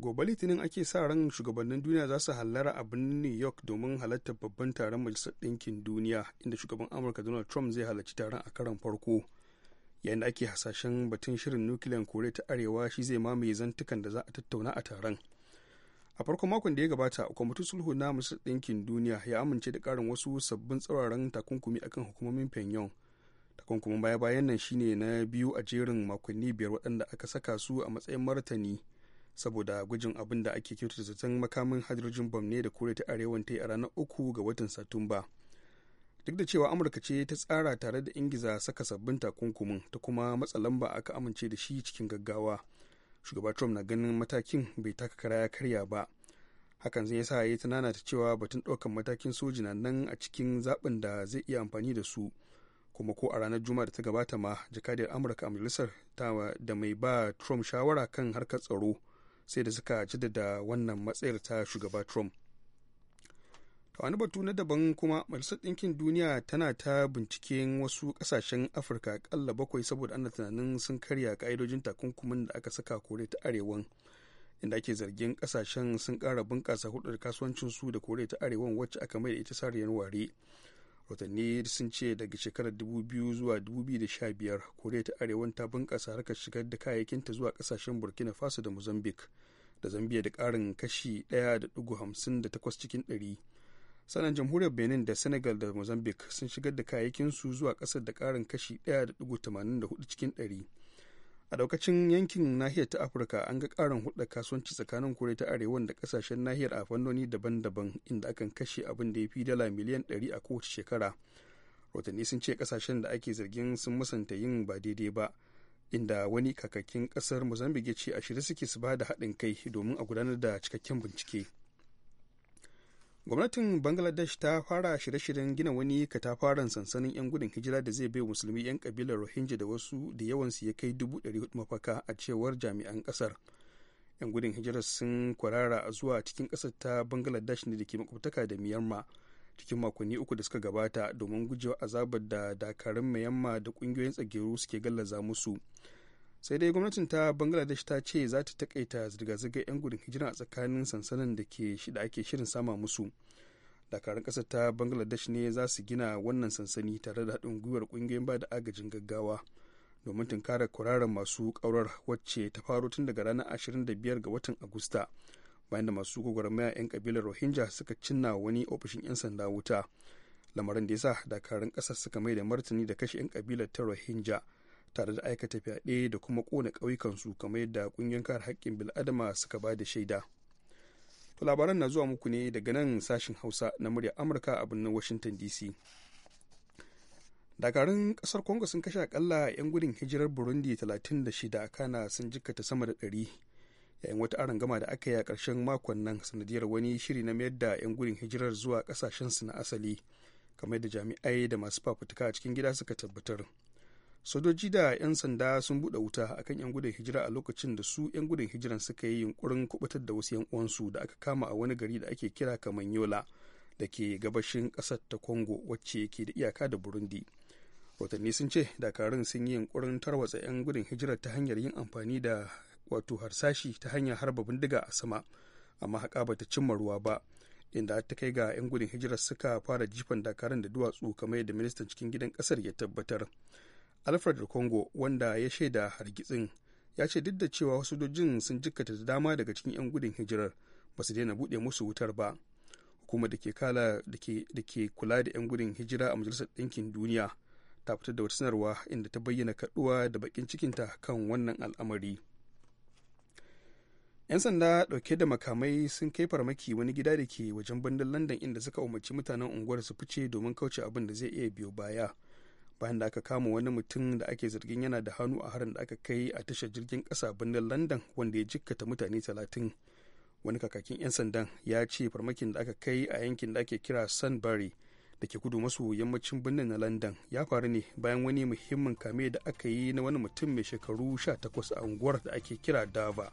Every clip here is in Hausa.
gobe litinin ake sa ran shugabannin duniya za su hallara a birnin new york domin halartar babban taron majalisar ɗinkin duniya inda shugaban amurka donald trump zai halarci taron a karon farko yayin da ake hasashen batun shirin nukiliyan koriya ta arewa shi zai mamaye zantukan da za a tattauna a taron a farkon makon da ya gabata kwamitin sulhu na majalisar ɗinkin duniya ya amince da karin wasu sabbin tsauraran takunkumi akan hukumomin pyongyang takunkumin baya-bayan nan shine na biyu a jerin makonni biyar waɗanda aka saka su a matsayin martani saboda gujin abin da ake kyautata zaton makamin hydrogen bomb ne da kore ta arewan ta yi a ranar uku ga watan satumba duk da cewa amurka ce ta tsara tare da ingiza saka sabbin takunkumin ta kuma matsa lamba aka amince da shi cikin gaggawa shugaba trump na ganin matakin bai taka kara ya karya ba hakan zai sa ya yi ta cewa batun ɗaukan matakin soji na nan a cikin zaɓin da zai iya amfani da su kuma ko a ranar juma'a da ta gabata ma jakadiyar amurka a majalisar da mai ba trump shawara kan harkar tsaro sai da suka jaddada wannan matsayar ta shugaba trump ta wani batu na daban kuma majalisar ɗinkin duniya tana ta binciken wasu ƙasashen afirka ƙalla bakwai saboda ana tunanin sun karya ƙa'idojin takunkumin da aka saka kore ta arewan inda ake zargin ƙasashen sun ƙara bunƙasa kasuwancin kasuwancinsu da kore ta arewan wacce aka mai da ita sariyar ware watanni sun ce daga shekarar 2000 zuwa 2015 koriya ta arewan ta bunƙasa harkar shigar da kayayyakinta zuwa kasashen burkina faso da mozambique da zambia da ƙarin kashi 1.58 cikin 100 sanan jamhuriyar benin da senegal da mozambique sun shigar da kayayyakinsu zuwa ƙasar da karin kashi 1.84 cikin 100 a daukacin yankin nahiyar ta afirka an ga karin hulɗa kasuwanci tsakanin kore ta arewa da kasashen nahiyar a fannoni daban-daban inda akan kashe abin da ya fi dala miliyan 100 a kowace shekara rotanni sun ce kasashen da ake zargin sun musanta yin ba daidai ba inda wani kakakin kasar mozambique ce a shirye suke su bada haɗin kai domin a gudanar da cikakken bincike gwamnatin bangladesh ta fara shirye-shiryen gina wani katafaren sansanin 'yan gudun hijira da zai bai musulmi 'yan kabilar rohingya da wasu da yawansu ya kai 400 mafaka a cewar jami'an kasar 'yan gudun hijira sun kwarara zuwa cikin kasar ta bangladesh ne da ke makwabtaka da myanmar cikin makonni uku da suka gabata domin gujewa azabar da dakarun myanmar da kungiyoyin tsageru suke gallaza musu sai dai gwamnatin ta bangladesh ta ce za ta takaita zirga-zirgar 'yan gudun hijira a tsakanin sansanin da ke shida ake shirin sama musu dakarun ƙasar ta bangladesh ne za su gina wannan sansani tare da haɗin gwiwar ƙungiyoyin ba da agajin gaggawa domin tunkarar kwararren masu ƙaurar wacce ta faro tun daga ranar 25 ga watan agusta bayan da masu gwagwarmaya 'yan kabilar rohingya suka cinna wani ofishin 'yan sanda wuta lamarin da ya sa dakarun kasa suka mai da martani da kashe 'yan kabilar ta rohingya tare da aikata fyaɗe da kuma ƙona ƙauyukansu kamar yadda ƙungiyar kare haƙƙin bil'adama suka ba da shaida to labaran na zuwa muku ne daga nan sashin hausa na murya amurka a birnin washington dc dakarun kasar congo sun kashe akalla 'yan gudun hijirar burundi 36 kana sun jikkata sama da 100 yayin wata gama da aka yi a ƙarshen makon nan sanadiyar wani shiri na mayar da 'yan gudun hijirar zuwa ƙasashensu na asali kamar da jami'ai da masu fafutuka a cikin gida suka tabbatar sojoji da 'yan sanda sun buɗe wuta akan 'yan gudun hijira a lokacin da su 'yan gudun hijiran suka yi yunkurin kubutar da wasu 'yan uwansu da aka kama a wani gari da ake kira kamanyola da ke gabashin ƙasar ta congo wacce ke da iyaka da burundi watanni sun ce dakarun sun yi yunkurin tarwatsa 'yan gudun hijira ta hanyar yin amfani da wato harsashi ta hanyar harba bindiga a sama amma haka bata cimma ruwa ba inda ta kai ga 'yan gudun hijira suka fara jifan dakarun da duwatsu kamar yadda ministan cikin gidan ƙasar ya tabbatar alfred congo wanda ya shaida hargitsin ya ce duk da cewa sojojin sun jikkata da dama daga cikin 'yan gudun hijirar ba su daina buɗe musu wutar ba hukumar da ke kala da ke kula da 'yan gudun hijira a majalisar ɗinkin duniya ta fitar da wata sanarwa inda ta bayyana kaduwa da bakin cikinta kan wannan al'amari yan sanda ɗauke da makamai sun kai farmaki wani gida da ke wajen bandar london inda suka umarci mutanen unguwar su fice domin kauce abin da zai iya biyo baya bayan da aka kama wani mutum da ake zargin yana da hannu a harin da aka kai a tashar jirgin ƙasa birnin london wanda ya jikkata mutane talatin wani kakakin 'yan sandan ya ce farmakin da aka kai a yankin da ake kira sunbury da ke kudu maso yammacin birnin na london ya faru ne bayan wani muhimmin kame da aka yi na wani mutum mai shekaru 18 a unguwar da ake kira dava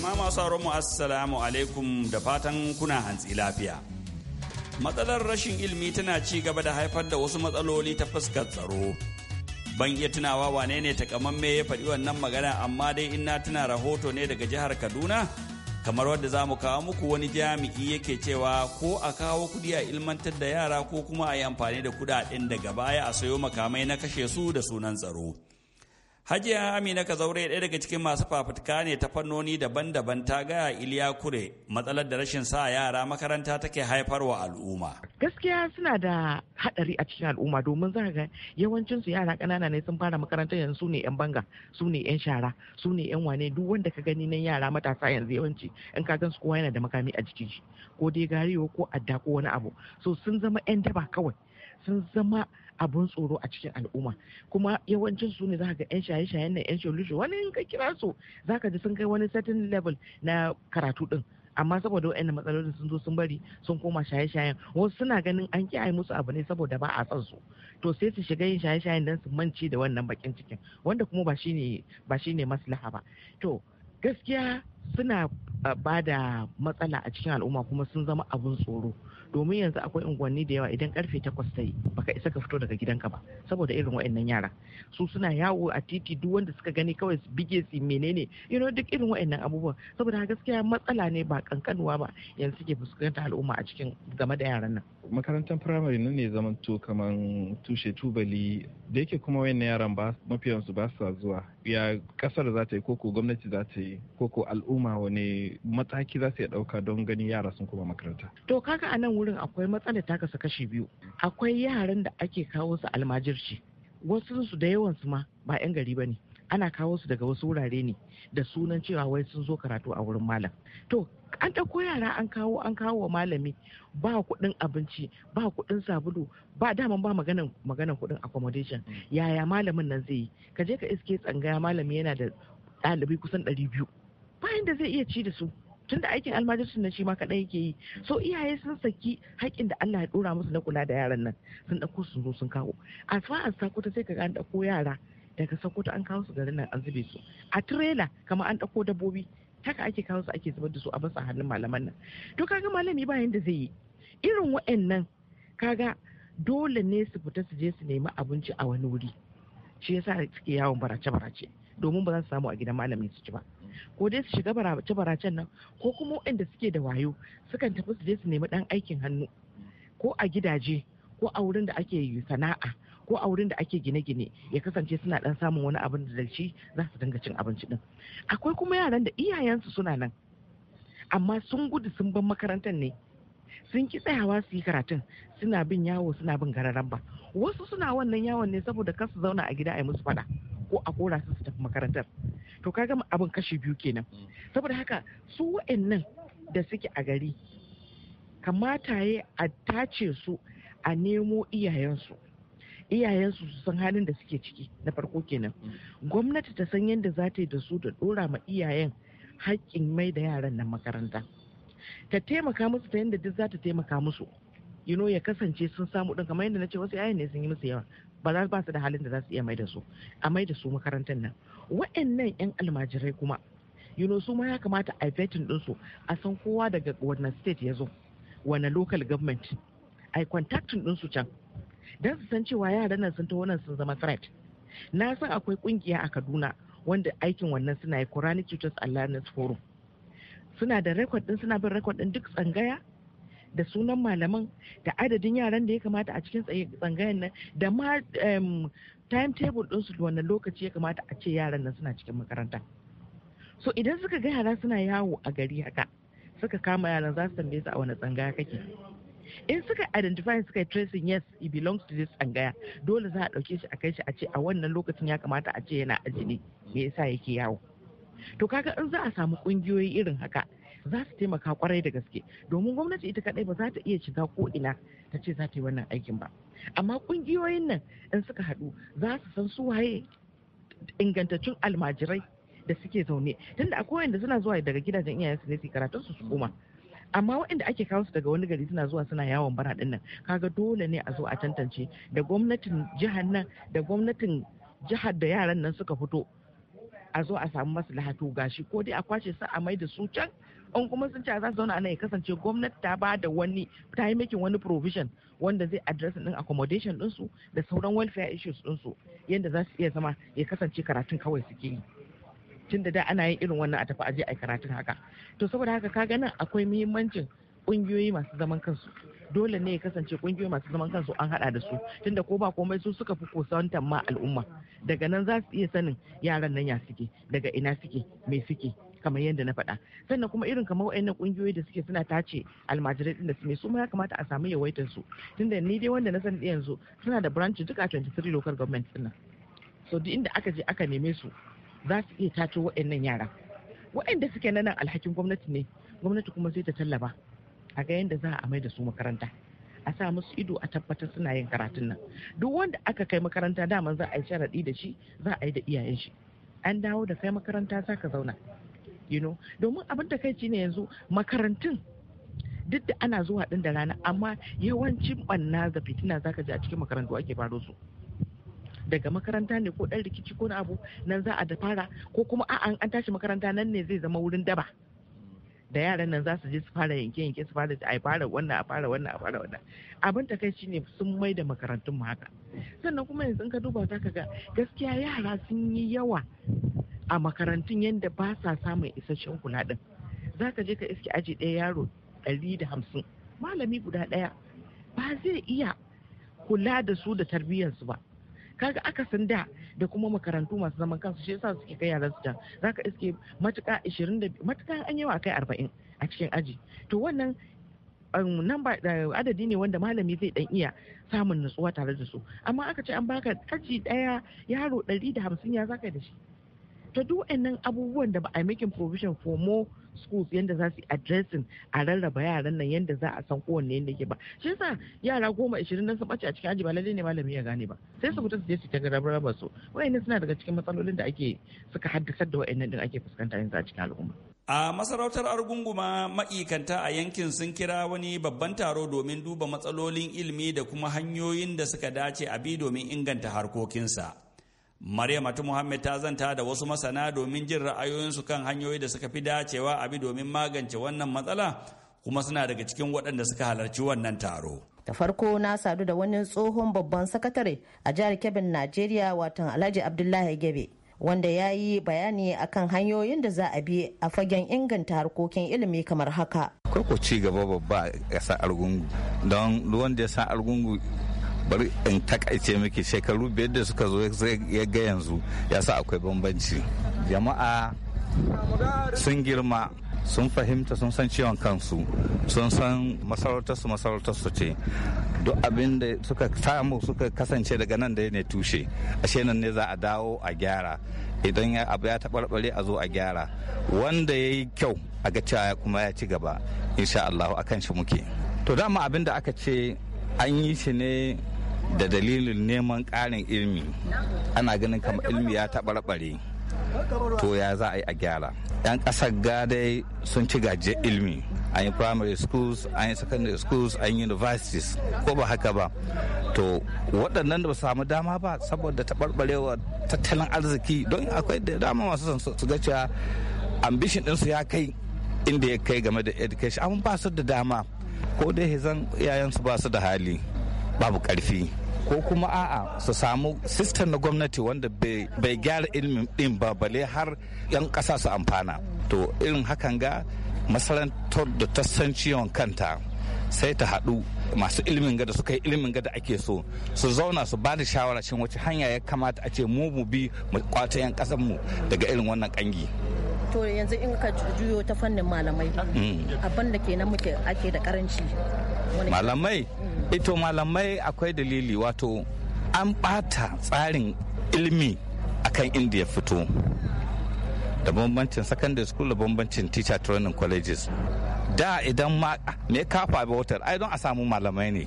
Jama'a masu mu assalamu alaikum da fatan kuna hantsi lafiya. Matsalar rashin ilimi tana ci gaba da haifar da wasu matsaloli ta fuskar tsaro. Ban iya tunawa wane ne takamamme ya faɗi wannan magana amma dai in na tuna rahoto ne daga jihar Kaduna kamar wadda za mu kawo muku wani jami'i yake cewa ko a kawo kudi a ilmantar da yara ko kuma a yi amfani da kudaden daga baya a sayo makamai na kashe su da sunan tsaro Hajiya Amina ka Kazaure ɗaya daga cikin masu fafutuka ne ta fannoni daban-daban ta gaya Iliya Kure matsalar da rashin sa yara makaranta take haifarwa al'umma. Gaskiya suna da haɗari a cikin al'umma domin za ga yawancinsu yara ƙanana ne sun fara makaranta yanzu ne yan banga, su ne yan shara, su ne yan wane duk wanda ka gani nan yara matasa yanzu yawanci in ka gan kowa yana da makami a jikin shi ko dai gariyo ko adda ko wani abu. So sun zama yan daba kawai. Sun zama abun tsoro a cikin al'umma kuma yawancin su ne za ga yan shaye-shayen na yan sholusho wani in ka kira su za ka ji sun kai wani certain level na karatu din amma saboda waɗannan matsalolin sun zo sun bari sun koma shaye-shayen wasu suna ganin an kiyaye musu abu ne saboda ba a son su to sai su shiga yin shaye-shayen don su mance da wannan bakin cikin wanda kuma ba shine ba maslaha ba to gaskiya suna ah, ba da matsala a cikin al'umma kuma sun zama abun tsoro domin yanzu akwai unguwanni da yawa idan karfe takwas ta yi baka isa ka fito daga gidanka ba saboda irin wa'annan yara su suna yawo a titi duk wanda suka gani kawai su bige su menene you know duk irin wa'annan abubuwa saboda gaskiya matsala ne ba kankanuwa ba yanzu suke fuskantar al'umma a cikin game da yaran nan makarantar firamare nan ne zaman to kaman tushe tubali da yake kuma wayannan yaran ba mafiyansu ba sa zuwa ya kasar za ta yi koko gwamnati za ta yi koko al'umma wani mataki za su ya dauka don gani yara sun koma makaranta to kaka anan wurin akwai matsalar ta kasa kashi biyu akwai yaran da ake kawo su almajirci wasu su da yawan su ma ba 'yan gari ba ne ana kawo su daga wasu wurare ne da sunan cewa wai sun zo karatu a wurin malam to an ɗauko yara an kawo an kawo wa malami ba kuɗin abinci ba kuɗin sabulu ba daman ba maganan maganan kuɗin accommodation yaya malamin nan zai yi ka je ka iske tsangaya malami yana da ɗalibai kusan ɗari biyu bayan da zai iya ci da su tunda aikin almajircin na shi ma kaɗai yake yi so iyaye sun saki haƙƙin da Allah ya ɗora musu na kula da yaran nan sun ɗauko su zo sun kawo a fa an ta sai kaga an ɗauko yara daga ta an kawo su garin nan an zube su a tirela kamar an ɗauko dabbobi haka ake kawo su ake zubar da su a basa hannun malaman nan to kaga malami ba yanda zai yi irin wa'annan kaga dole ne su fita su je su nemi abinci a wani wuri shi yasa suke yawon barace-barace domin ba za su samu a gidan malami su ci ba ko dai su shiga barace baracen nan ko kuma waɗanda suke da wayo sukan tafi su je su nemi ɗan aikin hannu ko a gidaje ko a wurin da ake sana'a ko a wurin da ake gine-gine ya kasance suna dan samun wani abin da dalci za su dinga cin abinci din akwai kuma yaran da iyayensu suna nan amma sun gudu sun ban makarantar ne sun ki tsayawa su yi karatun suna bin yawo suna bin gararan ba wasu suna wannan yawon ne saboda kar su zauna a gida a yi musu fada ko a kora su su tafi makarantar to ka gama abin kashi biyu kenan mm. saboda haka su wa'annan da suke a gari kamata ya a tace su a nemo iyayensu iyayensu su san halin da suke ciki na farko kenan mm. gwamnati ta san yadda za ta yi da su da dora ma iyayen haƙƙin mai da yaran nan makaranta ta taimaka musu ta yadda duk za ta taimaka musu you know ya kasance sun samu ɗin kamar yadda na ce wasu yayan ne sun yi musu yawa ba za su da halin da za su iya mai da su a mai da su makarantar nan wa'annan 'yan almajirai kuma you su ma ya kamata a vetting ɗinsu a san kowa daga wannan state ya zo wani local government a yi contacting ɗinsu can don su san cewa yaran nan sun ta wannan sun zama threat na san akwai kungiya a kaduna wanda aikin wannan suna yi quranic tutors alliance forum suna da record din suna bin record din duk tsangaya da sunan malaman da adadin yaran da ya kamata a cikin tsangayen nan da ma timetable ɗinsu wannan lokaci ya kamata a ce yaran nan suna cikin makaranta so idan suka ga yara suna yawo a gari haka suka kama yaran za su tambaye su a wani tsangaya kake in suka identify suka tracing yes he belongs to this tsangaya dole za a ɗauke shi a kai shi a ce a wannan lokacin ya kamata a ce yana aji ne me yasa yake yawo to kaga in za a samu kungiyoyi irin haka za su taimaka kwarai da gaske domin gwamnati ita kadai ba za ta iya shiga ko ina ta ce za ta yi wannan aikin ba amma kungiyoyin nan in suka haɗu za su san su waye ingantaccen almajirai da suke zaune tunda akwai wanda suna zuwa daga gidajen su ne su karatun su su koma amma waɗanda ake kawo su daga wani gari suna zuwa suna yawon bara ɗin nan kaga dole ne a zo a tantance da gwamnatin jihar nan da gwamnatin jihar da yaran nan suka fito a zo a samu masu lahatu gashi ko dai a kwace su a mai da su can in kuma sun ce za su zauna nan ya kasance gwamnati ta ba da wani ta yi makin wani provision wanda zai address din accommodation ɗinsu da sauran welfare issues ɗinsu yadda za su iya zama ya kasance karatun kawai suke yi tun da da ana yin irin wannan a tafi aje a karatun haka to saboda haka ka ganin akwai muhimmancin ƙungiyoyi masu zaman kansu dole ne ya kasance kungiyoyi masu zaman kansu an hada da su tunda ko ba komai su suka fi kusantar ma al'umma daga nan za su iya sanin yaran nan ya suke daga ina suke me suke kamar yadda na faɗa sannan kuma irin kamar wa'annan kungiyoyi da suke suna tace almajirai din da su mai su ya kamata a samu yawaitar su tunda ni dai wanda na sani yanzu suna da branch duka 23 local government din nan so duk inda aka je aka neme su za su iya tace wa'annan yara wa'anda suke na nan alhakin gwamnati ne gwamnati kuma sai ta tallaba a ga yadda za a mai da su makaranta a sa musu ido a tabbatar suna yin karatun nan duk wanda aka kai makaranta dama za a yi sharaɗi da shi za a yi da iyayen shi an dawo da kai makaranta za ka zauna you know domin abin da kai ne yanzu makarantun duk da ana zuwa din da rana amma yawancin banna da fitina zaka ji a cikin makarantu ake faro su daga makaranta ne ko dan rikici ko na abu nan za a da fara ko kuma a an tashi makaranta nan ne zai zama wurin daba da yaran nan za su je su fara yanke yanke su fara a fara wannan a fara wannan a fara wannan abin ta kai shine sun mai da makarantun mu haka sannan kuma yanzu in ka duba za ka ga gaskiya yara sun yi yawa a makarantun yadda ba sa samun isasshen kula din za ka je ka iske aji ɗaya yaro ɗari da hamsin malami guda ɗaya ba zai iya kula da su da tarbiyyarsu ba kaga aka san da da kuma makarantu masu zaman kansu shi yasa suke kai yaran su can ka iske matuka 20 matuka an wa kai 40 a cikin aji to wannan um, uh, adadi ne wanda malami zai dan iya samun nutsuwa tare da su amma aka ce an baka aji daya yaro 150 ya zaka da shi ta duk wannan abubuwan da ba a making provision for more schools yadda za su addressing a rarraba yaran nan yadda za a san kowanne yadda ke ba shi yasa yara goma ishirin na su ɓace a cikin aji ba lallai ne malami ya gane ba sai su fita su je su ta rarraba su wa'annan suna daga cikin matsalolin da ake suka haddasar da wa'annan din ake fuskanta yanzu a cikin al'umma a masarautar argunguma ma'ikanta a yankin sun kira wani babban taro domin duba matsalolin ilimi da kuma hanyoyin da suka dace a bi domin inganta harkokinsa ta Muhammad ta zanta da wasu masana domin jin ra'ayoyinsu kan hanyoyi da suka fi dacewa abi domin magance wannan matsala kuma suna daga cikin waɗanda suka halarci wannan taro. Da farko na sadu da wani tsohon babban sakatare a jihar Kebbi Najeriya watan Alhaji Abdullahi Gebe wanda ya yi bayani akan hanyoyin da za a bi a fagen inganta harkokin ilimi kamar haka. Kwai ci gaba babba a ƙasar Argungu don ruwan da ya sa Argungu bari in takaice miki shekaru biyar da suka zo ya ga yanzu ya sa akwai bambanci jama'a sun girma sun fahimta sun san ciwon kansu sun san masarautarsu masarautarsu ce duk abin da suka samu suka kasance daga nan da ne tushe ashe nan ne za a dawo a gyara idan abu ya taɓarɓare a zo a gyara wanda ya yi kyau a ga cewa kuma ya ci gaba insha Allah akan shi muke to dama abin da aka ce an yi shi ne da dalilin neman ƙarin ilmi ana ganin kamar ilmi ya taɓarɓare to ya za a yi a gyara 'yan ƙasar gadai sun ci gajiyar ilmi an yi primary schools an yi secondary schools an yi universities ko ba haka ba to waɗannan da ba samu dama ba saboda taɓarɓarewa tattalin arziki don akwai da dama masu son su ga cewa ambishin ɗinsu ya kai inda ya kai game da education amma ba su da dama ko dai zan iyayensu ba su da hali babu ƙarfi ko kuma a'a su samu sistem na gwamnati wanda bai gyara ilimin din ba bale har 'yan kasa su amfana to irin hakan ga masarantar da ta san ciwon kanta sai ta haɗu masu ilimin gada suka yi ilimin gada ake so su zauna su ba da shawara cin wace hanya ya kamata a ce mu mu bi mu kwato 'yan mu daga irin wannan kangi to yanzu in ka juyo ta fannin malamai mm. abin da kenan muke ake da karanci malamai ito eh, malamai akwai dalili wato an ɓata tsarin ilimi akan indiya fito da bambancin secondary school da bambancin teacher training colleges da idan ma ah, me kafa ba watar ai don a samu malamai ne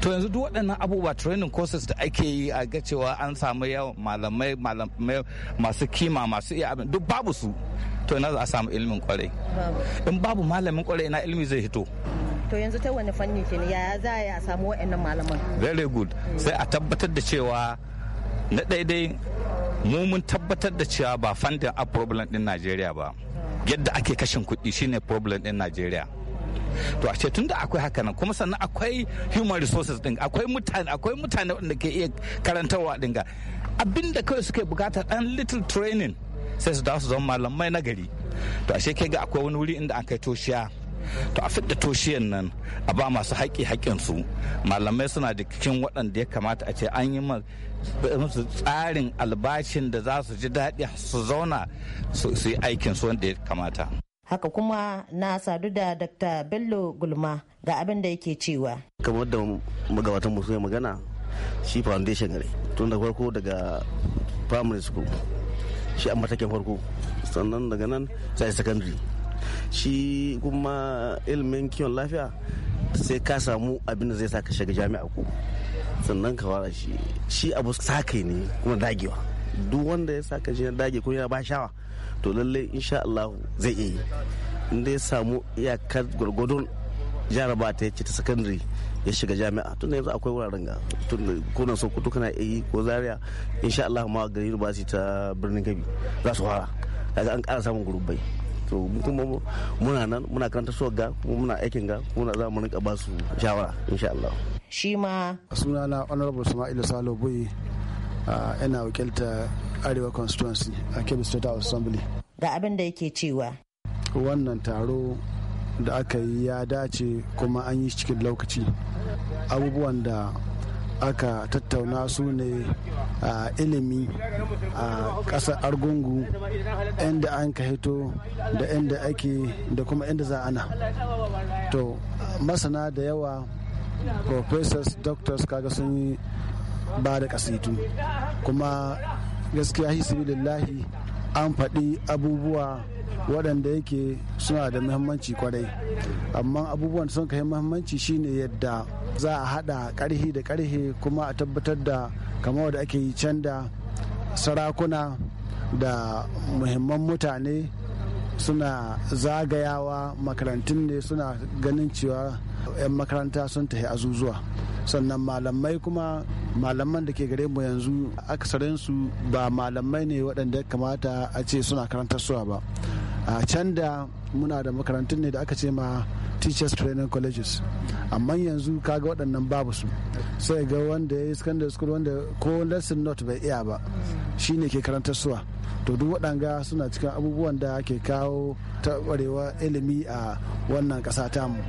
to yanzu duk waɗannan abubuwa training courses da ake yi a ga cewa an samu yawan malamai malamai masu kima masu iya abin duk babu su to ina a samu ilimin kwarai in babu malamin kwarai ina ilimi zai hito to yanzu ta wani fanni ke ne yaya za a samu wa'annan malaman very good sai a tabbatar da cewa na daidai mu mun tabbatar da cewa ba fanda a problem din najeriya ba yadda ake kashin kuɗi shine problem din najeriya to a ce tun da akwai haka nan kuma sannan akwai human resources din akwai mutane akwai mutane wanda ke iya karantarwa din ga abinda kawai suke bukata dan little training sai su dawo su zama malamai na gari to ashe kai ga akwai wani wuri inda an kai toshiya to a fidda toshiyan nan a ba masu haƙƙi haƙƙinsu malamai suna da cikin waɗanda ya kamata a ce an yi musu tsarin albashin da za su ji daɗi su zauna su yi aikin su wanda ya kamata haka kuma na sadu da dr bello gulma ga abin da yake cewa kamar da magabatan musu ya magana shi foundation ne tun da farko daga primary school shi a matakin farko sannan daga nan sai secondary shi kuma ilimin kiwon lafiya sai ka samu abin da zai sa ka shiga jami'a ko sannan ka fara shi shi abu sakai ne kuma dagewa duk wanda ya sa ka je dage ko yana ba shawa to lalle insha Allah zai yi inda ya samu iyakar gwargwadon jaraba ta yace ta sakandare ya shiga jami'a tun da yanzu akwai wuraren ga tun da kunan so kana yi ko zaria insha Allah ma gari ba ta birnin gabi za su fara kaga an kara samun gurubai to kuma muna nan muna karanta su ga kuma muna aikin ga muna za mu rinka ba su shawara insha Allah shi ma sunana honorable Sama'il Salo a ina wakilta Arewa constituency a Kebbi State House Assembly ga abin da yake cewa wannan taro da aka yi ya dace kuma an yi cikin lokaci abubuwan da aka tattauna su ne a ilimi a ƙasar argungu inda an ka hito da inda ake da kuma inda za ana to masana da yawa professors doctors kaga sun yi ba da kasitu kuma gaskiya lillahi an faɗi abubuwa waɗanda yake suna da muhimmanci kwarai amma abubuwan sun kai muhimmanci shine yadda za a haɗa ƙarhi da ƙarhe kuma a tabbatar da kamar da ake yi can sarakuna da muhimman mutane suna zagayawa makarantun ne suna ganin cewa 'yan makaranta sun tafi azuzuwa sannan malamai kuma malaman da ke gare mu yanzu akasarinsu ba malamai ne waɗanda ya kamata a ce suna karantar suwa ba a can da muna da makarantun ne da aka ce ma teachers training colleges amma yanzu kaga waɗannan babu su sai ga wanda ya yi secondary school wanda ko lesson note bai iya ba shine ke karantar suwa to duk waɗanga suna cikin abubuwan da ke kawo taɓarewa ilimi a wannan ƙasa tamu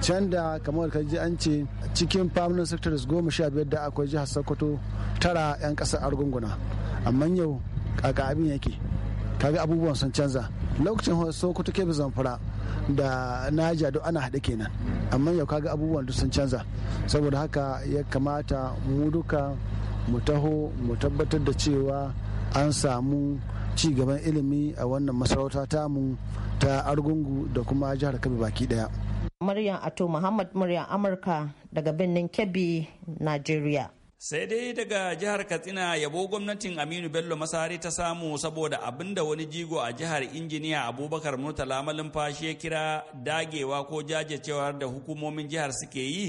can da kamar ka ji an ce cikin permanent sectors goma sha biyar da akwai jihar sokoto tara 'yan ƙasar argunguna amma yau kaka abin yake kaga abubuwan sun canza lokacin sokoto kebe zamfara da naja duk ana haɗe kenan amma yau kaga abubuwan duk sun canza saboda haka ya kamata mu duka mu taho mu tabbatar da cewa an samu ci gaban ilimi a wannan masarauta tamu ta argungu da kuma jihar kabi baki daya maryam ato muhammad Maryam amurka daga birnin kebbi nigeria sai dai daga jihar katsina yabo gwamnatin aminu bello masari ta samu saboda abin da wani jigo a jihar injiniya abubakar murtala malumfashi ya kira dagewa ko jajircewar da hukumomin jihar suke yi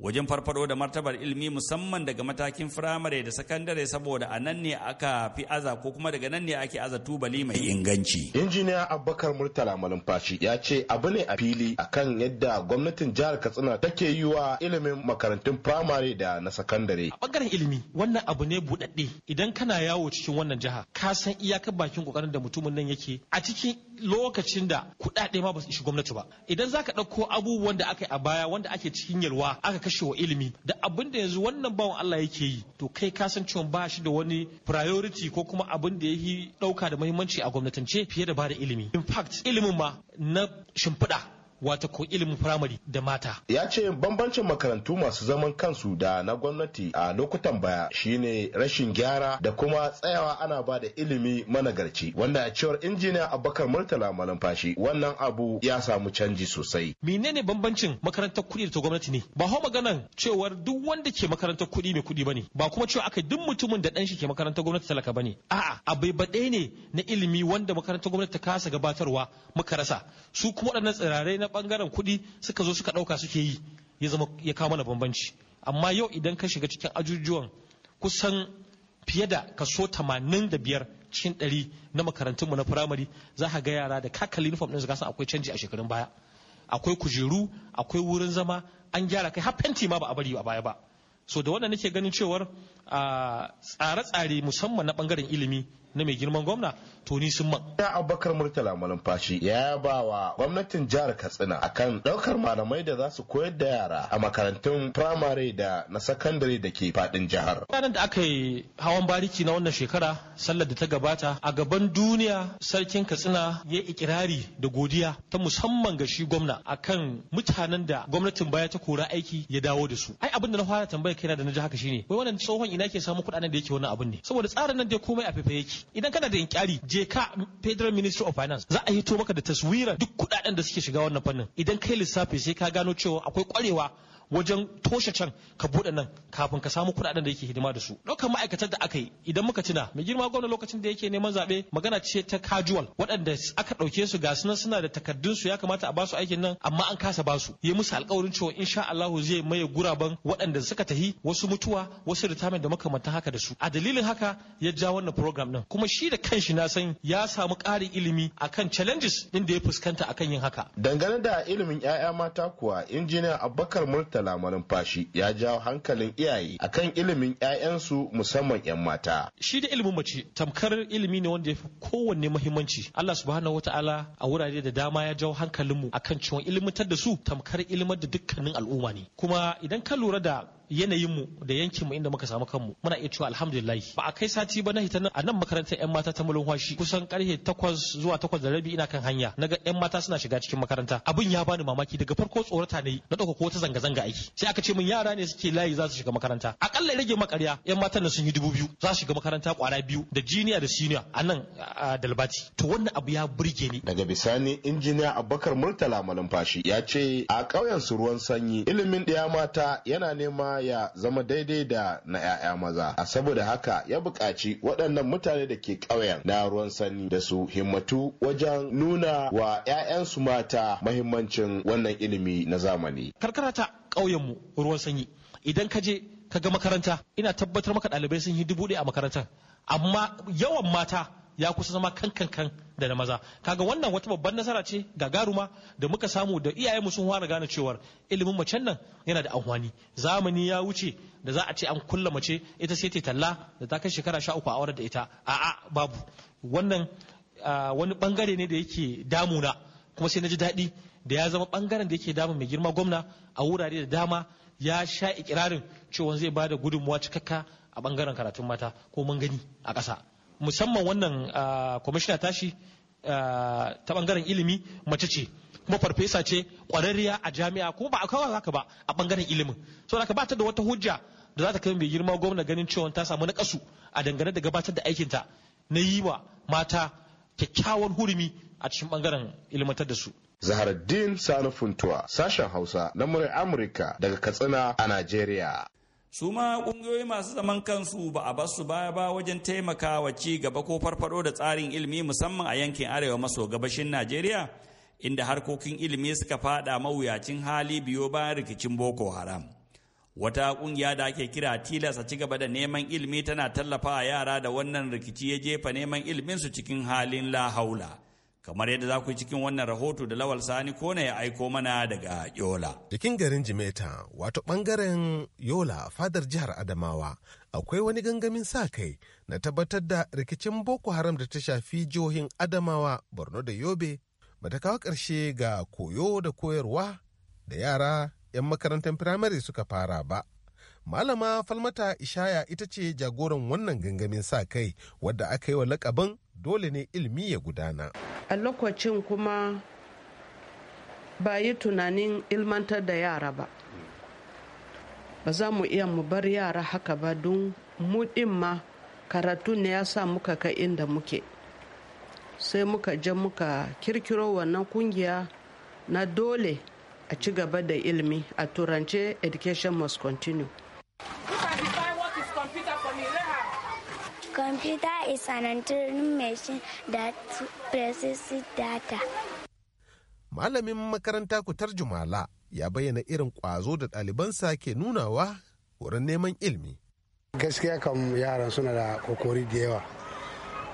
wajen farfado da martabar ilimi musamman daga matakin firamare da sakandare saboda a nan ne aka fi aza ko kuma daga nan ne ake aza tubali mai inganci. injiniya abubakar murtala malumfashi ya ce abu ne a fili akan yadda gwamnatin jihar katsina take yi wa ilimin makarantun firamare da na sakandare. a bangaren ilimi wannan abu ne buɗaɗɗe idan kana yawo cikin wannan jiha ka san iyakar bakin kokarin da mutumin nan yake a cikin lokacin da kuɗaɗe ma ba su ishi gwamnati ba idan zaka ɗauko abubuwan da aka yi a baya wanda ake cikin yalwa aka kashe wa ilimi da abin da yanzu wannan bawan Allah yake yi to kai ka san cewa ba shi da wani priority ko kuma abin da yake dauka da muhimmanci a gwamnatance fiye da ba da ilimi in fact ilimin ma na shimfiɗa wata ko ilimin firamare da mata. Ya ce bambancin makarantu masu zaman kansu da na gwamnati a lokutan baya shine rashin gyara da kuma tsayawa ana ba da ilimi managarci wanda a cewar injiniya Abubakar Murtala Malamfashi wannan abu ya samu canji sosai. Menene bambancin makarantar kuɗi da ta gwamnati ne? Ba hau maganan cewar duk wanda ke makarantar kuɗi mai kuɗi ne. ba kuma cewa aka duk mutumin da ɗan shi ke makarantar gwamnati talaka bane. A'a abai ɗaya ne na ilimi wanda makarantar gwamnati ta kasa gabatarwa muka rasa su kuma waɗannan tsirarai na bangaren kuɗi suka zo suka ɗauka suke yi ya zama ya kawo mana bambanci amma yau idan ka shiga cikin ajujuwan kusan fiye da kaso tamanin da biyar cikin 100 na makarantunmu na firamare za ka ga yara da kakali uniform ɗin su san akwai canji a shekarun baya akwai kujeru akwai wurin zama an gyara kai har fenti ma ba a bari a baya ba so da wannan nake ganin cewar ah, tsare-tsare musamman na bangaren ilimi na mai girman gwamna sun ma. Ya Abubakar Murtala Malam Fashi. ya ba wa gwamnatin jihar Katsina akan ɗaukar malamai da za su koyar da yara a makarantun firamare da na sakandare da ke faɗin jihar. Ranar da aka yi hawan bariki na wannan shekara sallar da ta gabata a gaban duniya sarkin Katsina ya ikirari da godiya ta musamman ga shi gwamna akan mutanen da gwamnatin baya ta kora aiki ya dawo da su. Ai abin da na fara tambaya kaina da na ji haka shine wai wannan tsohon ina ke samu kuɗaɗen da yake wannan abin ne saboda tsarin nan dai komai a fefe yake idan kana da inkari je ka federal ministry of finance za a hito maka da taswira duk kudaden da suke shiga wannan fannin idan kai lissafi sai ka gano cewa akwai kwarewa wajen toshe can ka buɗe nan kafin ka samu kuɗaɗen da yake hidima da su ɗaukar ma'aikatar da aka yi idan muka tuna mai girma gwamna lokacin da yake neman zaɓe magana ce ta casual waɗanda aka ɗauke su ga sunan suna da takardun su ya kamata a ba su aikin nan amma an kasa ba su ya musu alƙawarin cewa insha Allahu zai maye guraben waɗanda suka tahi wasu mutuwa wasu retirement da makamantan haka da su a dalilin haka ya ja wannan program din kuma shi da kanshi na san ya samu ƙarin ilimi akan challenges din da ya fuskanta akan yin haka dangane da ilimin 'ya'ya mata kuwa injiniya Abubakar Murtala lamarin fashi ya jawo hankalin iyaye akan ilimin 'ya'yansu musamman 'yan mata. Shi da ilimin mace tamkar ilimi ne wanda ya fi kowanne muhimmanci. Allah subhanahu wataala a wurare da dama ya jawo hankalinmu akan cewa ilimin da su tamkar ilimin da dukkanin al'umma ne. Kuma idan ka lura da Yanayin mu da yankin mu inda muka samu kanmu muna iya cewa alhamdulillah ba a kai sati ba na hita a nan makarantar yan mata ta mulunwashi kusan karfe takwas zuwa takwas da rabi ina kan hanya naga yan mata suna shiga cikin makaranta abin ya bani mamaki daga farko tsorata ne na ɗauka ko ta zanga-zanga aiki sai aka ce min yara ne suke layi za su shiga makaranta akalla rage makarya yan mata nan sun yi dubu biyu za su shiga makaranta kwara biyu da jiniya da siniya a nan dalbati to wannan abu ya burge ni daga bisani injiniya abubakar murtala malumfashi ya ce a ƙauyen su ruwan sanyi ilimin ɗaya mata yana nema ya zama daidai da na 'ya'ya maza a saboda haka ya buƙaci waɗannan mutane da ke ƙauyen na ruwan sani da su himmatu wajen nuna wa 'ya'yansu mata mahimmancin wannan ilimi na zamani karkara ta ƙauyenmu ruwan sanyi idan ka je ka ga makaranta ina tabbatar maka ɗalibai sun yi dubu ɗaya a makarantar amma yawan mata ya kusa zama kan kan da na maza kaga wannan wata babban nasara ce ga garuma da muka samu da iyaye mu sun fara gane cewar ilimin macen nan yana da amfani zamani ya wuce da za a ce an kulla mace ita sai ta talla da ta kai shekara sha uku a aure da ita a'a babu wannan wani bangare ne da yake damuna kuma sai na ji daɗi da ya zama bangaren da yake damun mai girma gwamna a wurare da dama ya sha ikirarin cewa zai bada da gudunmuwa cikakka a bangaren karatun mata ko mun gani a ƙasa musamman wannan kwamishina tashi ta bangaren ilimi mace ce kuma farfesa ce kwararriya a jami'a kuma ba a kawo haka ba a bangaren ilimin so da ka bata da wata hujja da za ta kai mai girma gwamna ganin cewa ta samu nakasu a dangane da gabatar da aikinta na yi wa mata kyakkyawan hurumi a cikin bangaren ilimantar da su Zaharaddin Sani Funtuwa, sashen Hausa na Amurka daga Katsina a Najeriya. su ma ƙungiyoyi masu zaman kansu ba a basu baya ba wajen taimakawa ci gaba ko farfado da tsarin ilimi musamman a yankin arewa maso gabashin najeriya inda harkokin ilimi suka fada mawuyacin hali biyo bayan rikicin boko haram wata ƙungiya da ake kira tilas a ci gaba da neman ilimi tana tallafa yara da wannan rikici ya jefa neman su cikin halin lahaula kamar yadda za ku yi cikin wannan rahoto da lawal sani ko na ya aiko mana daga yola cikin garin jimeta wato bangaren yola fadar jihar adamawa akwai wani gangamin sa kai na tabbatar da rikicin boko haram da ta shafi jihohin adamawa borno da yobe bata kawo ƙarshe ga koyo da koyarwa da yara 'yan makarantar firamare suka fara ba malama falmata ishaya ita ce jagoran wannan gangamin sa kai wadda aka yi wa lakabin dole ne ilmi ya gudana a lokacin kuma ba yi tunanin ilmantar da yara ba ba za mu iya mu bar yara haka ba don muɗin ma karatu ne ya sa muka ka inda muke sai muka je muka kirkiro wannan kungiya na dole a ci gaba da ilmi a turance education must continue Computer is an internal machine that processes data. Malamin makaranta kutar Jumala ya bayyana irin ƙwazo da ɗalibansa ke nunawa wurin neman ilmi. Gaskiya kam yaran suna da kokori da yawa.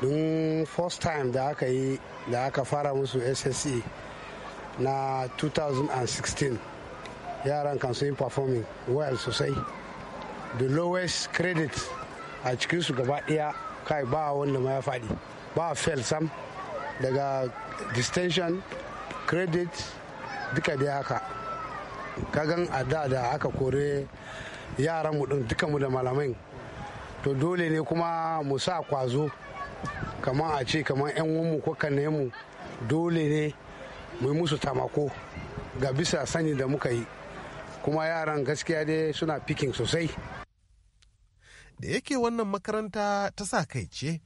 dun first time da aka yi da aka fara musu SSE na 2016 yaran kan sun performing well sosai. The lowest credit a cikinsu gaba ɗaya kai ba wanda ma ya faɗi ba fail sam daga distension credit duka dai haka kagan a da da aka kore yaran mu din duka mu da malamai to dole ne kuma mu sa kwazo kamar a ce kamar yan mu ko mu dole ne mu yi musu tamako ga bisa sani da muka yi kuma yaran gaskiya dai suna fikin sosai da yake wannan makaranta ta sa kai ce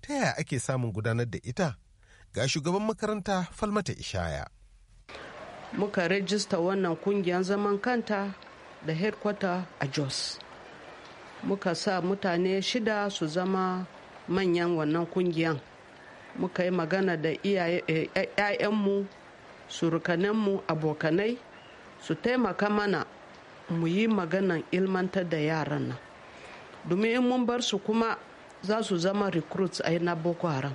ta yaya ake samun gudanar da ita ga shugaban makaranta falmata ishaya muka rajista wannan kungiyar zaman kanta da headquarter a jos muka sa mutane shida su zama manyan wannan kungiyar muka yi magana da iyayenmu eh, surukaninmu abokanai su taimaka mana mu yi maganan ilmantar da yaran nan domin in mun bar su kuma za su zama recruits a na boko haram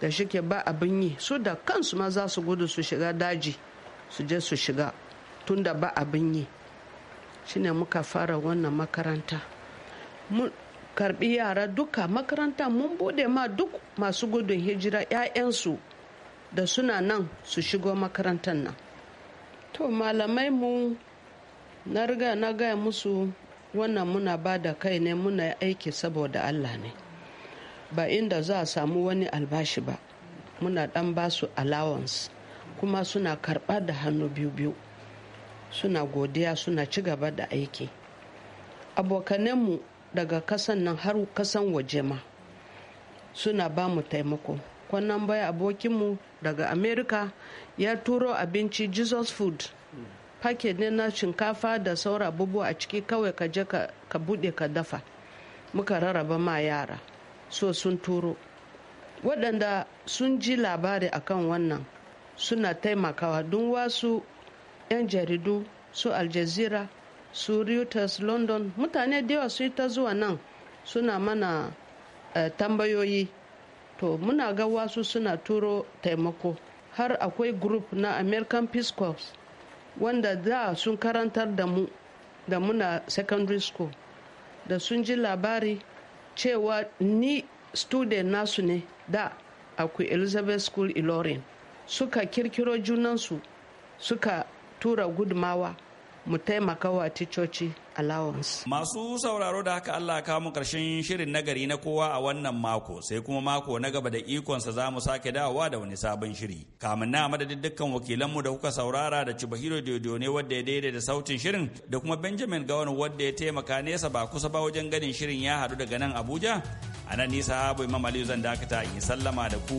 da shike ba abin yi su da kansu ma za su gudu su shiga daji su je su shiga tunda ba abin yi shine muka fara wannan makaranta mun karbi yara duka makaranta mun bude ma duk masu gudun hijira 'ya'yansu da suna nan su shigo makarantar nan to malamai mu na riga na gaya musu wannan muna ba da kai ne muna aiki saboda allah ne ba inda za a samu wani albashi ba muna dan ba su allowance kuma suna karba da hannu biyu-biyu suna godiya suna ci gaba da aiki abokanenmu daga kasan nan har kasan waje ma suna ba mu taimako kwanan baya abokinmu daga america ya turo abinci jesus food paket ne na shinkafa da saura abubuwa a ciki kawai ka je ka bude ka dafa muka rarraba ma yara so sun turo waɗanda sun ji labari akan wannan suna taimakawa don wasu 'yan jaridu su aljazeera su reuters london mutane da yawa su yi ta zuwa nan suna mana uh, tambayoyi to muna ga wasu suna turo taimako har akwai group na american peace corps wanda da sun karantar da mu da muna secondary school da sun ji labari cewa ni student nasu ne da akwai elizabeth school ilorin suka kirkiro junansu suka tura gudumawa mu taimaka wa ticoci allowance. Masu sauraro da haka Allah kawo mu karshen shirin nagari na kowa a wannan mako sai kuma mako na gaba da ikonsa za mu sake dawowa da wani sabon shiri. Kamin na madadin dukkan wakilanmu da kuka saurara da Cibahiro Dodo ne wadda ya daidai da sautin shirin da kuma Benjamin Gawon wadda ya taimaka nesa ba kusa ba wajen ganin shirin ya haɗu daga nan Abuja. A nan nisa Abu Imam Aliyu zan dakata in sallama da ku